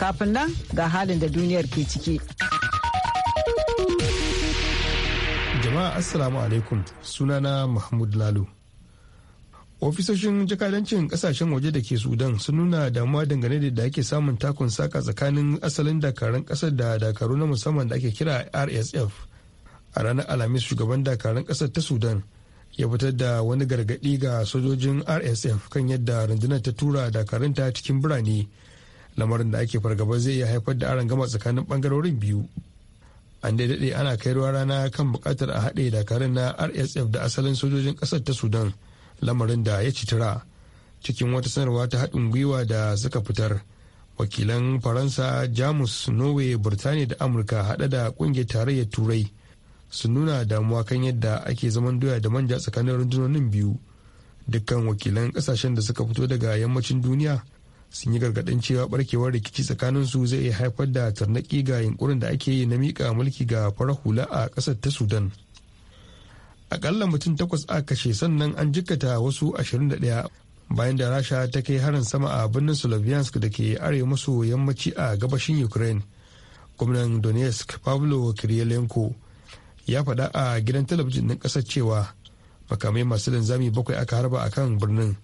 Kafin nan ga halin da duniyar ke ciki. Jama'a Assalamu alaikum sunana Mahmud Lalo. Ofisoshin jakadancin kasashen waje da ke Sudan sun nuna damuwa dangane da ake samun takun saka tsakanin asalin dakarun kasar da dakaru na musamman da ake kira RSF. A ranar Alhamis shugaban dakarun kasar ta Sudan ya fitar da wani gargaɗi ga sojojin RSF kan yadda rundunar ta tura dakarunta cikin birane lamarin da ake fargaba zai iya haifar da aron gama tsakanin bangarorin biyu an daidaɗe ana kai ruwa rana kan buƙatar a haɗe dakarun na rsf da asalin sojojin ƙasar ta sudan lamarin da ya citira cikin wata sanarwa ta haɗin gwiwa da suka fitar wakilan faransa jamus norway burtaniya da amurka haɗe da ƙungiyar tarayyar turai sun nuna damuwa kan yadda ake zaman doya da manja tsakanin rundunonin biyu dukkan wakilan ƙasashen da suka fito daga yammacin duniya sun yi gargaɗin cewa barkewar rikici tsakanin su zai iya haifar da tarnaƙi ga yunkurin da ake yi na miƙa mulki ga farar hula a ƙasar ta sudan akalla mutum takwas a kashe sannan an jikkata wasu ashirin da 21 bayan da rasha ta kai harin sama a birnin sloviansk da ke arewa maso yammaci a gabashin ukraine gwamnan donetsk pablo kirilenko ya faɗa a gidan talabijin ɗin ƙasar cewa makamai masu linzami bakwai aka harba a kan birnin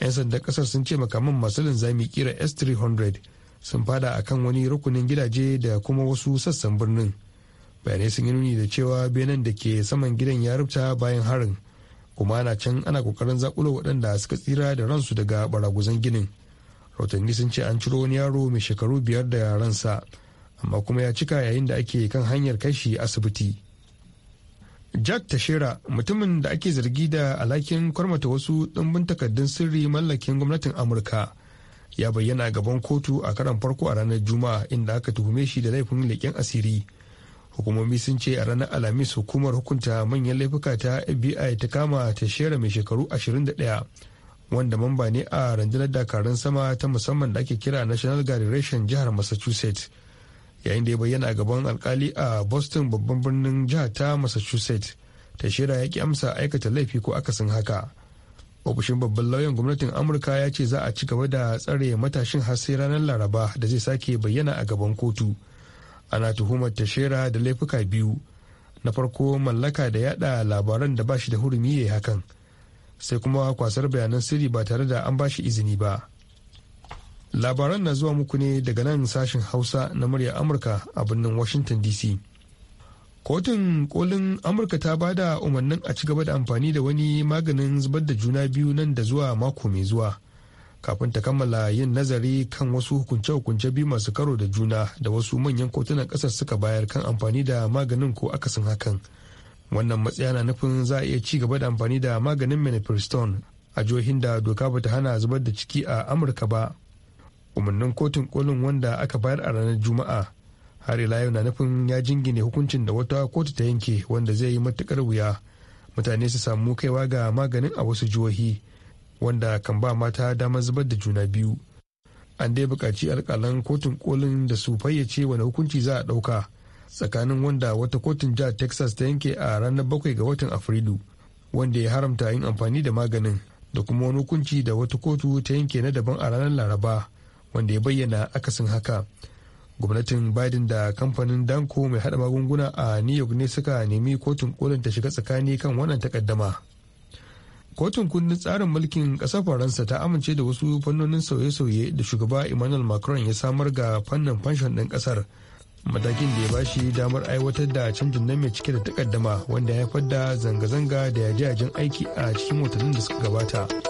'yan sandan kasar sun ce makaman masu linzami kira s-300 sun fada a kan wani rukunin gidaje da kuma wasu sassan birnin bayanai sun yi nuni da cewa benin da ke saman gidan ya rubuta bayan harin kuma ana can ana kokarin zakulo waɗanda suka tsira da ransu daga baraguzan ginin rahotanni sun ce an ciro wani yaro mai shekaru biyar da ransa amma kuma ya cika yayin da ake kan hanyar kai shi asibiti Jack Tashera mutumin da ake zargi da alhakin kwarmata wasu ɗumbin takardun sirri mallakin gwamnatin Amurka ya bayyana gaban kotu a karan farko a ranar Juma'a inda aka tuhume shi da laifin leƙen asiri. Hukumomi sun ce a ranar Alhamis hukumar hukunta manyan laifuka ta FBI ta kama Tashera mai shekaru 21 wanda mamba ne a rundunar dakarun sama ta musamman da ake kira National Guard jihar Massachusetts. yayin da ya bayyana a gaban alkali a boston babban birnin jihar ta massachusetts shira ya ki amsa aikata laifi ko akasin haka ofishin babban lauyan gwamnatin amurka ya ce za a ci gaba da tsare matashin har sai ranar laraba da zai sake bayyana a gaban kotu ana tuhumar tashera da laifuka biyu na farko mallaka da yada labaran da ba shi da hurumi ya hakan sai kuma kwasar bayanan sirri ba tare da an ba shi izini ba labaran na zuwa muku ne daga nan sashen hausa na murya amurka a birnin washington dc kotun kolin amurka ta ba da umarnin a ci gaba da amfani da wani maganin zubar da juna biyu nan da zuwa mako mai zuwa kafin ta kammala yin nazari kan wasu hukunce-hukunce biyu masu karo da juna da wasu manyan kotunan kasar suka bayar kan amfani da maganin ko akasin hakan wannan matsaya na nufin za a iya ci gaba da amfani da maganin menopristone a jihohin da doka bata hana zubar da ciki a amurka ba umarnin kotun kolin wanda aka bayar a ranar juma'a har ila yau na nufin ya jingine hukuncin da wata kotu ta yanke wanda zai yi matukar wuya mutane su samu kaiwa ga maganin a wasu jihohi wanda kan ba mata damar zubar da juna biyu an dai buƙaci alkalan kotun kolin da su fayyace wani hukunci za a ɗauka tsakanin wanda wata kotun jihar texas ta yanke a ranar bakwai ga watan afrilu wanda ya haramta yin amfani da maganin da kuma wani hukunci da wata kotu ta yanke na daban a ranar laraba wanda ya bayyana akasin haka gwamnatin biden da kamfanin danko mai hada magunguna a new york ne suka nemi kotun kolin ta shiga tsakani kan wannan takaddama kotun kundin tsarin mulkin ƙasar faransa ta amince da wasu fannonin sauye-sauye da shugaba emmanuel macron ya samar ga fannin fanshon ɗin ƙasar matakin da ya bashi damar aiwatar da canjin na mai cike da takaddama wanda ya haifar da zanga-zanga da yaje aiki a cikin watannin da suka gabata.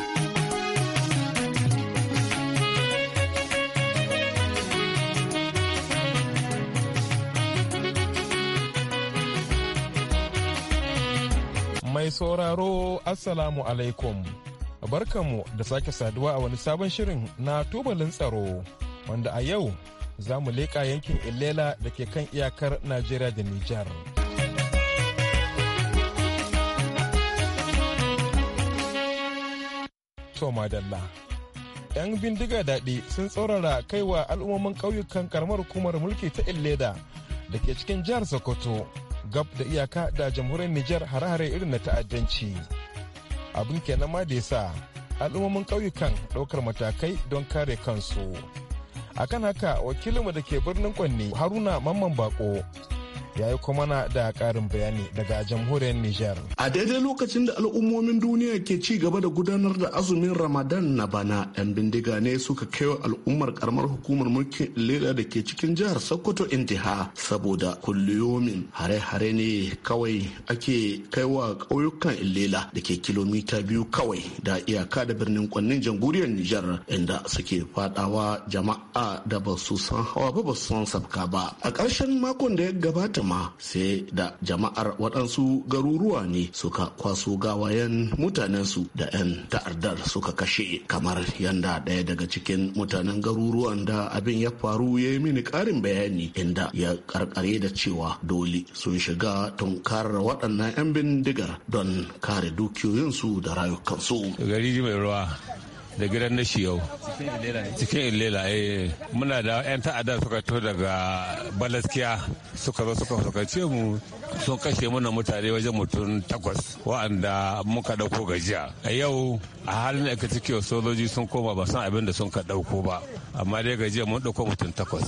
Mai sauraro Assalamu alaikum. Barkanmu da sake saduwa a wani sabon shirin na tubalin tsaro wanda a yau za mu leƙa yankin Ilela da ke kan iyakar Najeriya da Nijar. Toma 'Yan bindiga daɗi sun tsaurara kaiwa al'ummomin ƙauyukan karamar hukumar mulki ta Illeda da ke cikin jihar Sokoto. gab da iyaka da jamhuriyar Nijar hare-hare irin na ta'addanci. Abin kenan ma da ya sa al'ummomin ƙauyukan ɗaukar matakai don kare kansu. Akan haka wakilinmu da ke birnin Kwanne Haruna Mamman Bako ya yi kuma na da karin bayani daga jamhuriyar Nijar. A daidai lokacin da al'ummomin duniya ke ci gaba da gudanar da azumin Ramadan na bana, 'yan bindiga ne suka kaiwa al'ummar karamar hukumar mulkin Leda da ke cikin jihar Sokoto intiha saboda kulliyomin hare-hare ne kawai ake wa ƙauyukan Ilela da ke kilomita biyu kawai da iyaka da birnin kwannin jamhuriyar Nijar inda suke fadawa jama'a da ba su san hawa ba ba su san sabka ba. A ƙarshen makon da ya gabata gwamnati sai da jama'ar waɗansu garuruwa ne suka kwaso gawayen mutanensu da 'yan ta'addar suka kashe kamar yanda ɗaya daga cikin mutanen garuruwan da abin ya faru ya yi mini ƙarin bayani inda ya ƙarƙare da cewa dole sun shiga tunkarar waɗannan 'yan bindigar don kare dukiyoyinsu da rayukansu. mai da gidan na shiyau cikin ilela eh muna da yan ta'adda suka to daga balaskiya suka zo suka fuskace mu sun kashe mana mutane wajen mutum takwas wa'anda muka dauko gajiya a yau a halin da ake sojoji sun koma ba san abin da sun ka dauko ba amma dai gajiya mun dauko mutum takwas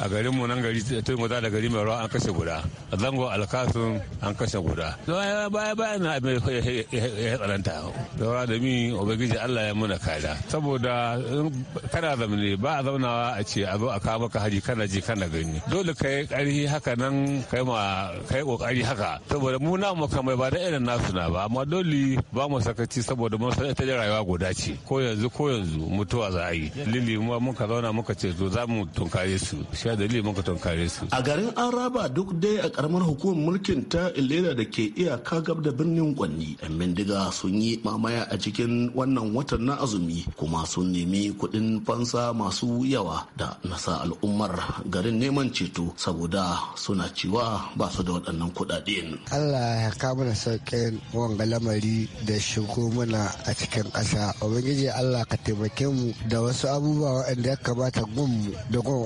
a garin mu nan gari ta mu da gari mai ruwa an kashe guda a zango alkasun an kashe guda baya baya na abin ya tsananta da mi obagiji Allah ya muna kare ita saboda kana zamne ba a zaunawa a ce a zo a kawo maka haji kana ji kana gani dole ka yi ƙarfi haka nan kai ma kai ƙoƙari haka saboda mu na mai ba da irin nasu na ba amma dole ba mu sakaci saboda mun san ita rayuwa guda ce ko yanzu ko yanzu mutuwa za a yi lili mu muka zauna muka ce to za mu tunkare su shi da dalili muka tunkare su a garin an raba duk dai a karamar hukumar mulkin ta ilera da ke iyaka gab da birnin kwanni yan bindiga sun yi mamaya a cikin wannan watan na azumi kuma sun nemi kuɗin fansa masu yawa da nasa al'ummar garin neman ceto saboda suna cewa ba su da waɗannan kuɗaɗen. Allah ya kama da sauƙin wanga lamari da shigo mana a cikin ƙasa. Ubangiji Allah ka taimake mu da wasu abubuwa waɗanda ya kamata gunmu da gun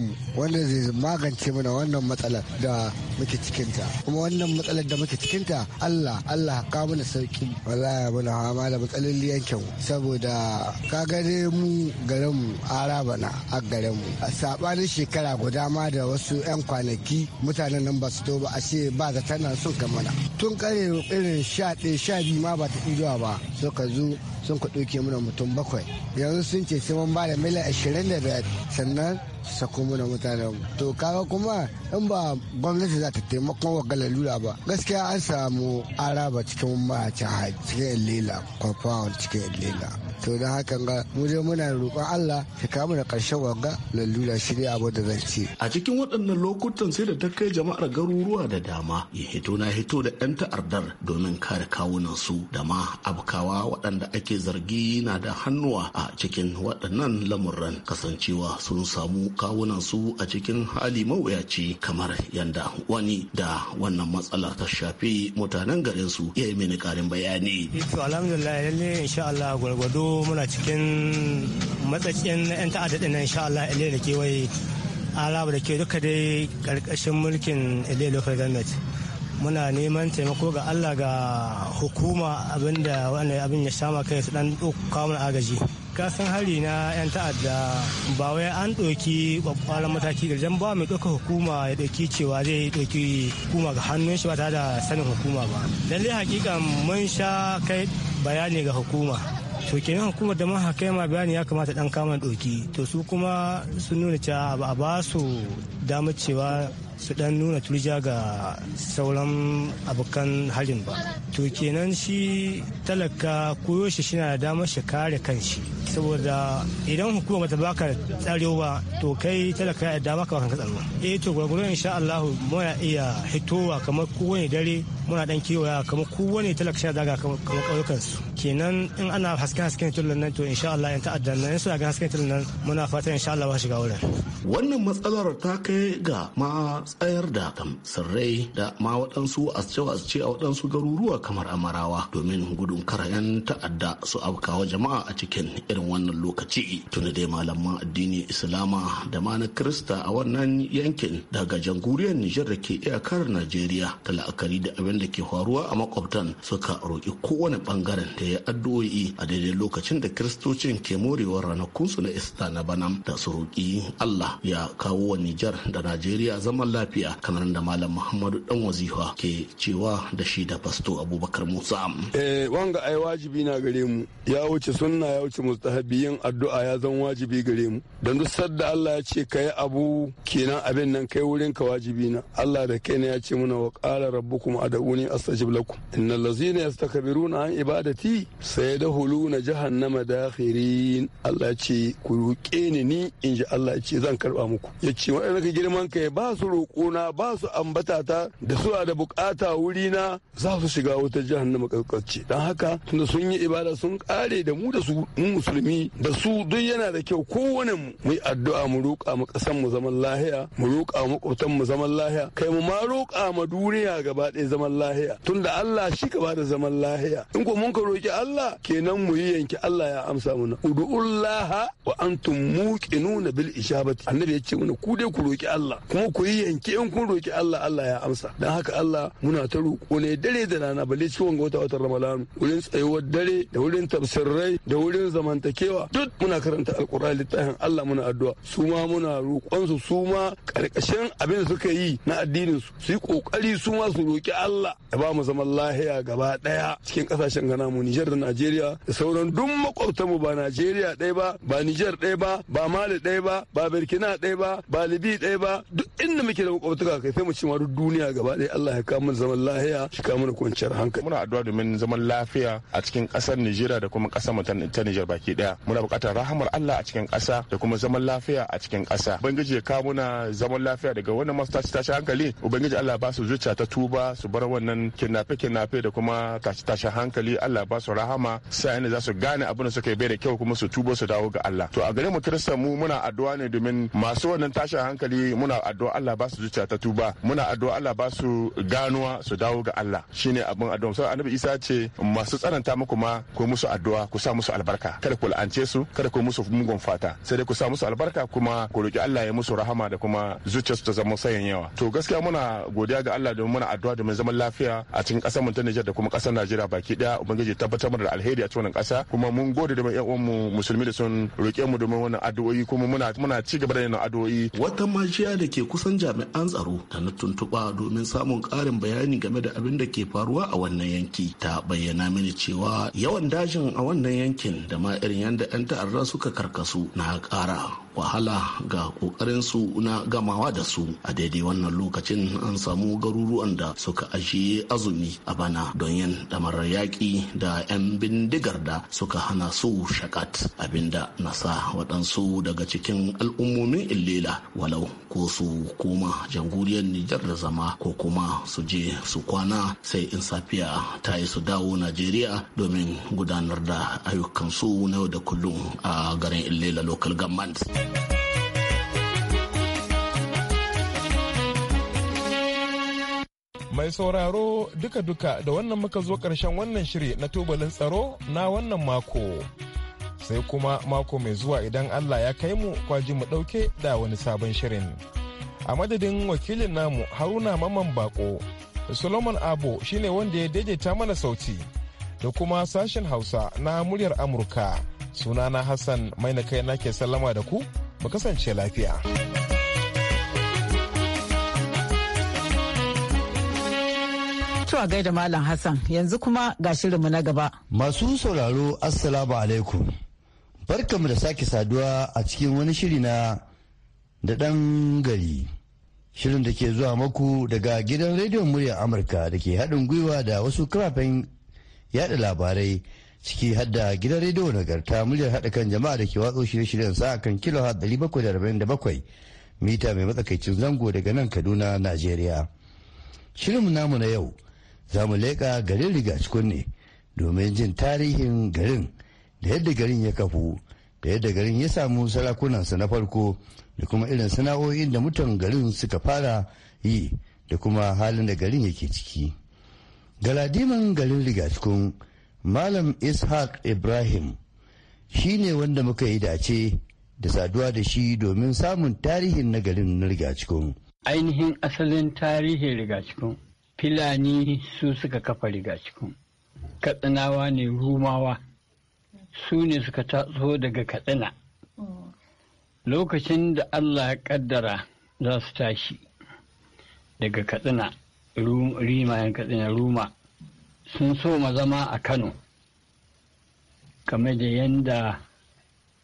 mu wanda zai magance mana wannan matsalar da muke cikinta. Kuma wannan matsalar da muke cikinta Allah Allah ka mana sauƙi. Wallahi muna fama da matsalolin yankin saboda Ka kaga dai mu garin araba na a garinmu mu a sabanin shekara guda ma da wasu yan kwanaki mutanen nan ba su to ba a ce ba ta tana sun na. tun kare irin sha ɗaya sha biyu ma ba ta zuwa ba suka zo sun ka ɗauke mana mutum bakwai yanzu sun ce sai mun ba da miliyan ashirin da biyar sannan sako mana mutanen to kaga kuma in ba gwamnati za ta taimakon wa galalula ba gaskiya an samu araba cikin a cikin lela kwamfawar cikin lela to da haka ga mu je muna roƙon Allah ya kawo da ƙarshen wanga lalura shi ne abu da zan a cikin waɗannan lokutan sai da ta kai jama'ar garuruwa da dama ya hito na hito da 'yan ta'ardar domin kare kawunan su da ma abkawa waɗanda ake zargi na da hannuwa a cikin waɗannan lamuran kasancewa sun samu kawunan su a cikin hali mawuyaci kamar yanda wani da wannan matsala ta shafi mutanen garin su ya yi mini ƙarin bayani. Alhamdulillah lalle insha Allah gwargwado muna cikin matsakin 'yan ta'adda ɗin insha Allah ile da kewaye araba da ke duka dai karkashin mulkin ile local government muna neman taimako ga Allah ga hukuma abinda wani abin ya sama kai su dan kawo mana agaji kasan hari na 'yan ta'adda ba wai an ɗauki ƙwaƙwaran mataki da jan ba mai ɗauka hukuma ya ɗauki cewa zai ɗauki hukuma ga hannun shi ba tare da sanin hukuma ba lallai hakikan mun sha kai bayani ga hukuma to kenan hukumar da maha haka ma bayani ya kamata dan kama doki to su kuma sun nuna cewa ba a ba su damar cewa su dan nuna turja ga sauran abokan harin ba to kenan shi talaka koyo shi na da damar shi kare kanshi saboda idan hukuma ta baka tsarewa ba to kai talaka ya dama ka baka tsaro eh to gwagwaro insha Allah muna iya hitowa kamar kowane dare muna dan kewaya kamar kowane talaka sha daga kamar kauyukan su kenan in ana haske-haske haske tulun nan to insha Allah in ta'addan nan in suna ga haske tulun nan muna fatan insha Allah ba shiga wurin wannan matsalar ta kai ga ma tsayar da kam sirrai da ma waɗansu a ce a waɗansu garuruwa kamar amarawa domin gudun karayen ta'adda su abkawa jama'a a cikin irin wannan lokaci tuni dai malaman addini islama da ma na krista a wannan yankin daga jamhuriyar nijar da ke iyakar najeriya ta la'akari da abin da ke faruwa a makwabtan suka roƙi kowane ɓangaren da ya addu'o'i a daidai lokacin da kiristocin ke morewar ranakunsu na ista na banam da su roƙi allah ya kawo wa Nijar da Najeriya zaman lafiya kamar da Malam Muhammadu Dan Wazifa ke cewa da shi da Fasto Abubakar Musa. Eh wanga ai wajibi na gare mu ya wuce sunna ya wuce mustahabi yin addu'a ya zan wajibi gare mu. Dan duk sadda Allah ya ce kai abu kenan abin nan kai wurin ka wajibi na. Allah da kai ne ya ce muna wa qala rabbukum ad'uni astajib lakum. Innal ladzina na an ibadati sayadkhuluna jahannama dakhirin. Allah ce ku roke ni ni in ji Allah ce zan karba muku ya ce waɗanda ka girman kai ba su roƙona ba su ambata ta da suwa da bukata wuri na za su shiga wata jahannama karkace Dan haka tunda sun yi ibada sun kare da mu da su mu musulmi da su duk yana da kyau kowane mu mu yi addu'a mu roƙa mu ƙasan mu zaman lahiya mu roƙa mu makwabtan mu zaman lahiya kai mu ma roƙa ma duniya gaba ɗaya zaman lahiya tunda Allah shi ka da zaman lahiya in ko mun ka roƙi Allah kenan mu yi yanki Allah ya amsa mana ud'ullaha wa antum muqinuna bil ijabati annabi ya ce mana ku dai ku roki Allah kuma ku yi yanke in kun roki Allah Allah ya amsa dan haka Allah muna ta roƙo ne dare da rana balle ciwon ga wata watan Ramadan wurin tsayuwar dare da wurin tafsirrai da wurin zamantakewa duk muna karanta alkur'ani littafin Allah muna addu'a su ma muna roƙon su su ma karkashin abin da suka yi na addinin su su yi kokari su ma su roki Allah ya ba mu zaman lahiya gaba daya cikin kasashen gana mu Nijar da Najeriya da sauran duk mu ba Najeriya ɗaya ba ba Niger ɗaya ba ba Mali ɗaya ba ba Burkina kina ɗaya ba balibi libi ɗaya ba duk inda muke da makwabtaka kai sai mu ci maru duniya gaba ɗaya Allah ya kawo mun zaman lafiya shi kawo mun kwanciyar hankali muna addu'a domin zaman lafiya a cikin ƙasar Nijeriya da kuma ƙasar mu ta Nijar baki ɗaya muna buƙatar rahamar Allah a cikin ƙasa da kuma zaman lafiya a cikin ƙasa ubangiji ya kawo muna zaman lafiya daga wannan masu tashi tashi hankali ubangiji Allah ba su zuciya ta tuba su bar wannan kinnafe kinnafe da kuma tashi tashi hankali Allah ba su rahama sai ne za su gane abin da suka yi bai da kyau kuma su tubo su dawo ga Allah to a gare mu kirista mu muna addu'a ne domin masu wannan tashin hankali muna addu'a Allah ba su zuciya ta tuba muna addu'a Allah ba su ganuwa su dawo ga Allah shine abin addu'a sai Annabi Isa ce masu tsananta muku ma ku musu addu'a ku sa musu albarka kada ku la'ance su kada ku musu mugun fata sai dai ku sa musu albarka kuma ku roki Allah ya musu rahama da kuma zuciyarsu ta zama sayan yawa to gaskiya muna godiya ga Allah domin muna addu'a domin zaman lafiya a cikin kasar mu ta Niger da kuma kasar Najeriya baki daya ubangiji tabbatar mana da alheri a cikin kasa kuma mun gode da yan uwan mu musulmi da sun roke mu domin wannan addu'o'i kuma muna muna ci gaba da yin wata majiya da ke kusan jami'an tsaro ta na tuntuɓa domin samun ƙarin bayani game da abin da ke faruwa a wannan yanki ta bayyana mini cewa yawan dajin a wannan yankin da ma irin yadda 'yan ta'arda suka karkasu na ƙara wahala ga su na gamawa da su a daidai wannan lokacin an samu garuruwan da suka ajiye azumi a bana don yin damarar yaƙi da 'yan bindigar da suka hana su shakat abinda na sa waɗansu daga cikin al'ummomin illela walau ko su koma jamhuriyar nijar da zama ko kuma su je su kwana sai in safiya ta yi su dawo najeriya domin gudanar da ayyukansu na yau da kullum a garin illela local government. Mai sauraro duka-duka da wannan muka zo ƙarshen wannan shiri na tubalin tsaro na wannan mako. Sai kuma mako mai zuwa idan Allah ya kai mu kwaji mu ɗauke da wani sabon shirin. A madadin wakilin namu Haruna Maman Bako, Solomon Abo shine wanda ya daidaita mana sauti da kuma sashen Hausa na muryar Amurka. sunana hassan mai na kai nake sallama da ku mu kasance lafiya tuwa gaida Malam Hassan yanzu kuma ga shirinmu na gaba. Masu sauraro Assalamu alaikum. Barkamu da sake saduwa a cikin wani shiri na da ɗan gari. Shirin da ke zuwa maku daga gidan rediyon muryar Amurka da ke haɗin gwiwa da wasu kafafen yada labarai ciki har da gidan rediyo nagarta muryar haɗa kan jama'a da ke watsa shirye-shiryen sa kan kilo har bakwai mita mai matsakaicin zango daga nan kaduna najeriya shirin namu na yau za mu leƙa garin rigacikun ne domin jin tarihin garin da yadda garin ya kafu da yadda garin ya samu sarakunansa na farko da kuma irin sana'o'in da mutan garin suka fara yi da kuma halin da garin yake ciki galadiman garin rigacikun malam ishaq ibrahim shi ne wanda muka yi dace da saduwa da shi domin samun tarihin nagarin na rigacikun ainihin asalin tarihin rigacikun filani su suka kafa rigacikun katsinawa ne rumawa su ne suka taso daga katsina lokacin da allah ya kaddara za su tashi daga katsina rima yan katsina ruma sun so ma zama a kano kamar da yadda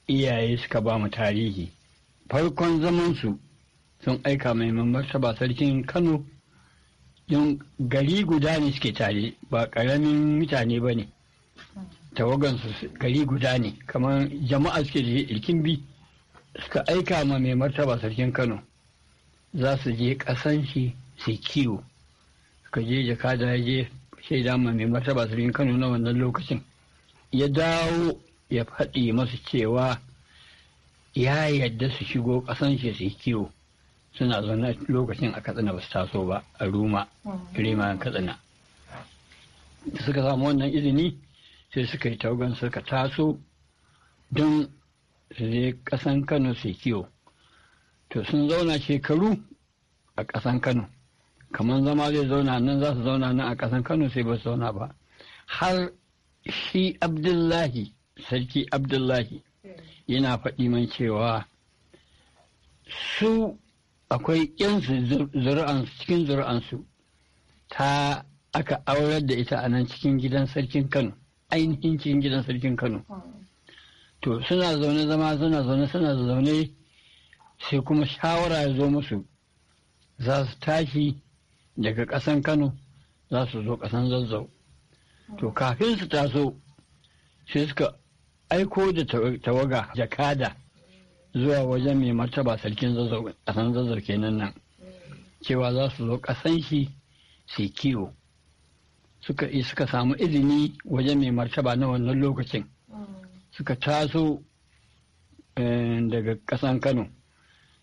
iyaye suka ba mu tarihi farkon zamansu sun aika mai martaba sarkin kano don gari guda ne suke tare ba ƙaramin mutane ba ne tawagansu gari guda ne kamar jama'a suke da ilkin bi suka aika ma mai martaba sarkin kano za su je ƙasan shi su kiwo suka je da ya je shaida ma mai martaba sarkin kano na wannan lokacin ya dawo ya faɗi masu cewa ya yadda su shigo ƙasan shi su kiwo suna zaune lokacin a katsina ba su taso ba a ruma rima katsina da suka samu wannan izini sai suka yi taugan suka taso don su je ƙasan kano su kiwo to sun zauna shekaru a ƙasan kano kamar zama zai zauna nan za su zauna nan a ƙasan kano sai ba su zauna ba har shi abdullahi sarki abdullahi yana faɗi man cewa su akwai yansu zuri'ansu cikin zuri'ansu ta aka aurar da ita a nan cikin gidan sarkin kano ainihin cikin gidan sarkin kano to suna zaune zama suna zaune suna zaune sai kuma shawara ya zo musu za su tashi daga ƙasan kano za su zo ƙasan zazzau to kafin su taso sai suka aiko da tawaga jakada zuwa wajen mai martaba sarkin zazzau ƙasan zazzau kenan nan cewa za su zo ƙasan shi su kiwo suka suka samu izini wajen mai martaba na wannan lokacin suka taso eh, daga ƙasan kano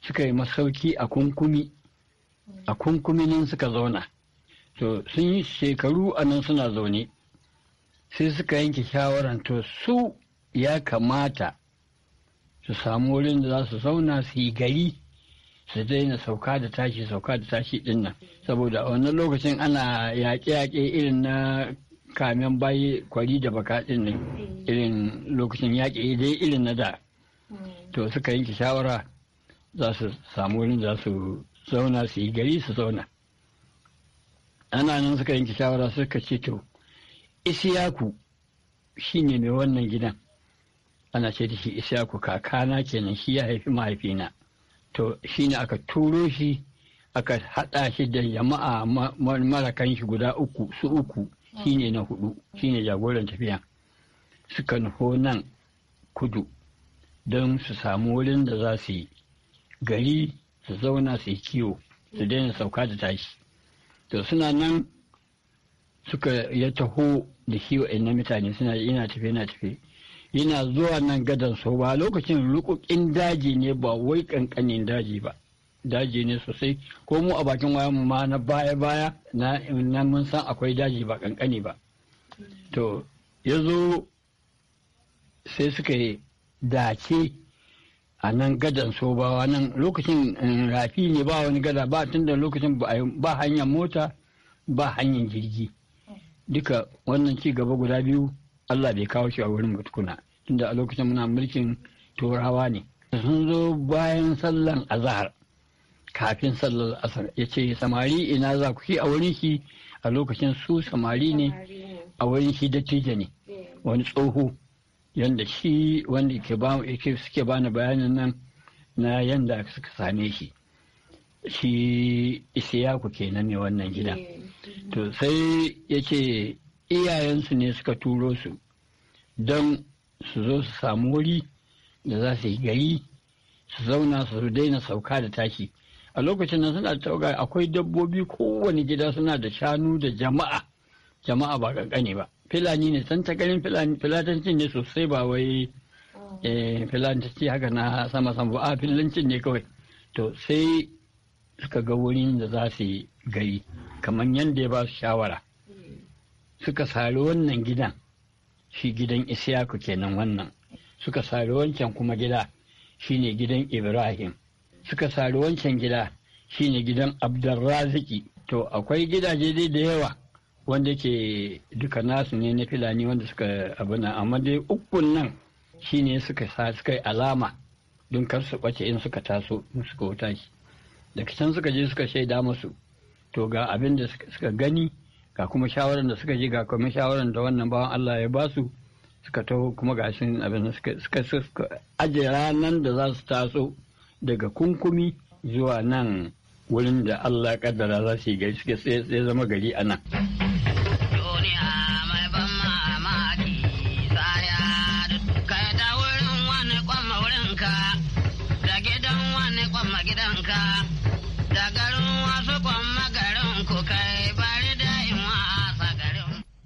suka yi masauki a kunkumi a kunkuminin suka zauna to sun yi shekaru a nan suna zaune sai suka yanke shawaran to su ya kamata su samu wurin da za su zauna su yi gari su daina sauka da tashi sauka da tashi din nan saboda a wannan lokacin ana yaƙe-yaƙe irin na kamen bayi kwari da baka din nan irin lokacin yaƙe dai irin na da hmm. to suka yanke shawara za su samu wurin da za su zauna su yi gari su zauna ana nan suka yanki shawara suka ce to isiyaku ne mai wannan gidan ana ce da shi isiyaku kakana kenan shi ya haifi mahaifina to shi ne aka turo shi aka haɗa shi da jama'a marakan shi guda uku su uku shi ne na hudu ne jagoran tafiya suka nufo nan kudu don su samu wurin da za su yi gari su zauna su yi kiwo su daina sauka da tashi to suna nan suka ya taho da kiwo na mutane suna yana tafe yana tafe yana zuwa nan gadon so ba lokacin rukukin daji ne ba wai kankanin daji ba daji ne sosai ko mu a bakin wayan mu ma na baya baya na mun san akwai daji ba kankani ba to ya zo sai suka yi dace a nan gadan sobawa nan lokacin eh, rafi ne ba wani gada ba tun da lokacin ba hanyar mota ba hanyar jirgi duka wannan ci gaba guda biyu allah bai kawo shi a wurin tukuna tunda a lokacin muna mulkin turawa ne sun zo bayan sallan azahar kafin sallar asar ya ce samari ina za ku a wurin shi a lokacin su samari ne a wurin shi dattijo ne eh. wani tsoho yadda shi wanda ke ba suke bani bayanin nan na yadda suka same shi shi isiyaku kenan ne wannan gida eh, mm-hmm. to sai yace iyayensu ne suka turo su don su zo su samu wuri da za su yi gari su zauna su daina sauka da tashi a lokacin nan suna tauga akwai dabbobi kowane gida suna da shanu da jama'a jama'a ba kani ba filani ne san ta ganin filatancin ne sosai ba wai oh. eh, filatanci haka na sama sama a filancin ne kawai to sai suka ga wurin da za su yi gari kamar yadda ya ba su shawara hmm. suka sari wannan gidan shi gidan isiyaku kenan wannan suka sari wancan kuma gida ne gidan ibrahim suka sari wancan gida ne gidan abdulraziki to akwai gidaje dai da yawa wanda ke duka nasu ne na filani wanda suka abuna amma dai ukun nan shine suka suka yi alama don kar su kwace in suka taso suka wuta shi daga can suka je suka shaida musu to ga abin da suka gani ga kuma shawaran da suka ji ga kuma shawaran da wannan bawan Allah ya ba su suka taho kuma ga shi abin suka suka aje ranar da za su taso daga kunkumi zuwa nan wurin da Allah kaddara za su yi gari suke sai zama gari a nan.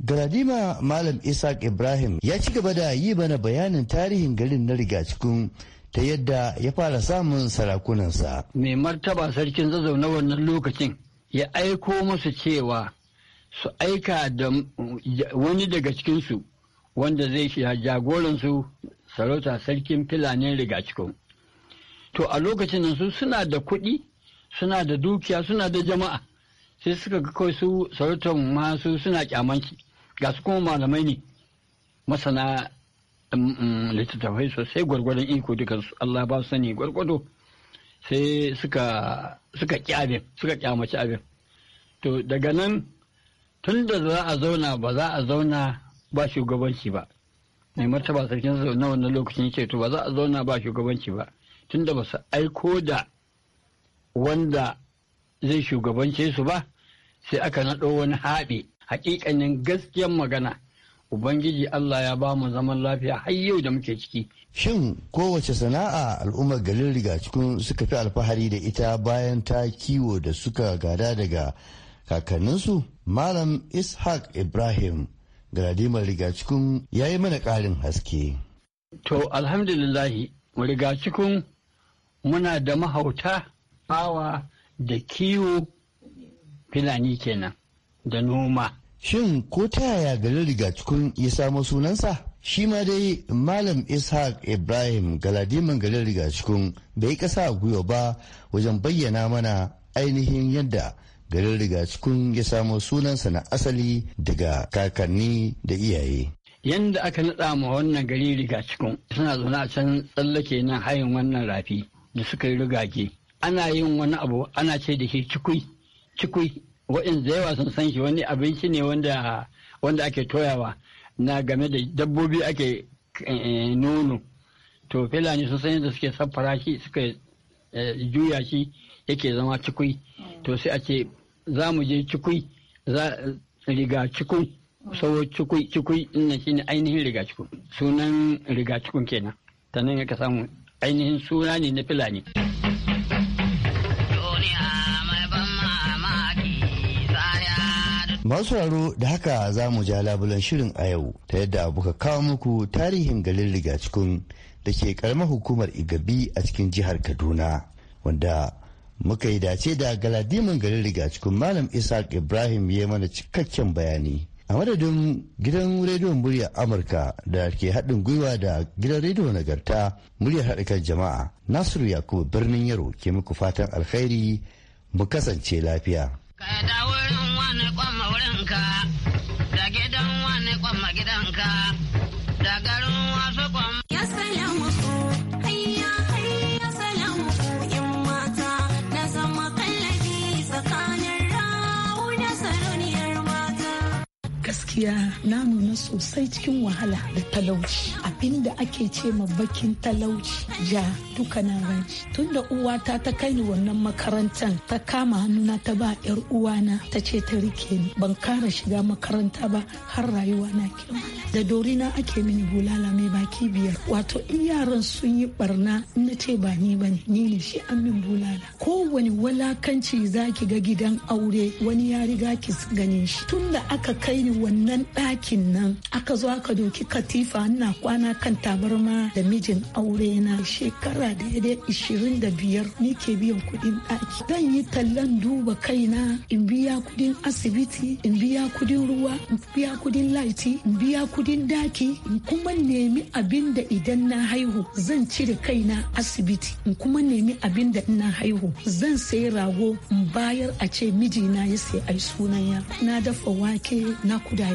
Garadima Malam Isaac Ibrahim ya ci gaba da yi bana bayanin tarihin garin na riga cikin ta yadda ya fara samun sarakunansa. Mai martaba sarkin zazzau na wannan lokacin ya aiko musu cewa su aika da wani daga cikinsu wanda zai jagoransu sarauta sarkin filanin cikin To a lokacin nan su suna da kuɗi, suna da dukiya, suna da jama'a. sai suka ga kawai su sarautar masu suna kyamanci ga su kuma malamai ne masana mm, mm, littattafai sosai gwargwadon iko duka Allah ba su sani gwargwado sai suka suka suka kyamaci abin to daga nan tun da za a zauna ba za a zauna ba shugabanci ba mai martaba sarkin na wannan lokacin ce to ba za a zauna ba shugabanci ba tun da ba su aiko da wanda zai shugabance su ba sai aka naɗo wani haɓe hakikanin gaskiyar magana ubangiji allah ya ba mu zaman lafiya har yau da muke ciki shin kowace sana'a al'ummar garin riga cikin suka fi alfahari da ita bayan ta kiwo da suka gada daga kakanninsu malam ishaq ibrahim galadimar rigacikun ya yi mana ƙarin haske to alhamdulillahi rigacikun muna da mahauta awa da kiwo filani kenan da noma. Shin ko ta yaya garin rigacikun ya samo sunansa? Shi ma dai Malam Ishaq Ibrahim galadiman garin rigacikun bai kasa gwiwa ba wajen bayyana mana ainihin yadda garin rigacikun ya samo sunansa na asali daga kakanni da iyaye. Yanda aka naɗa ma wannan gari rigacikun suna zaune a can tsallake nan hayin wannan rafi da suka yi rigage. Ana yin wani abu ana ce da ke cikui, cikui wa'in yawa sun san shi wani abinci ne wanda ake toyawa na game da dabbobi ake eh, nono to filani sun san yadda suke saffara shi suka eh, juya shi yake zama cikui to sai a ce za mu je cikui za riga cikun sau cikui cikui ina ne ainihin riga cikun sunan riga cikun kenan sannan ya ka samu ainihin suna ne na filani. Masu sauraro da haka za mu ja labulan shirin a yau ta yadda buka kawo muku tarihin garin rigacikun da ke karamar hukumar Igabi a cikin jihar Kaduna wanda muka yi dace da galadimin garin rigacikun Malam Isaac Ibrahim ya mana cikakken bayani. a madadin gidan rediyon murya amurka da ke haɗin gwiwa da gidan rediyo nagarta muryar haɗakan jama'a nasiru yakubu birnin yaro ke muku fatan alkhairi mu kasance lafiya Ka wurin wani kwamma wurinka, da gidan wani kwamma gidanka. gaskiya na nuna sosai cikin wahala da talauci abinda ake ce ma bakin talauci ja duka na ranci tunda uwata ta kai ni wannan makarantar ta kama hannuna ta ba yar uwana ta ce ta rike ni ban kara shiga makaranta ba har rayuwa na kyau da dorina ake mini bulala mai baki biyar wato in yaran sun yi barna na ce ba ni ba ni ne shi an min bulala kowane walakanci zaki ga gidan aure wani ya riga ki ganin shi tunda aka kai ni wannan nan ɗakin nan aka zo aka doki katifa ina kwana kan tabarma da mijin aure na shekara da ya ishirin da biyar ni ke biyan kudin ɗaki zan yi tallan duba kaina in biya kudin asibiti in biya kudin ruwa in biya kudin laiti in biya kudin daki in kuma nemi abin da idan na haihu zan cire kaina asibiti in kuma nemi abin da ina haihu zan sayi rago in bayar a ce mijina ya sai ai sunan ya na dafa wake na kudaye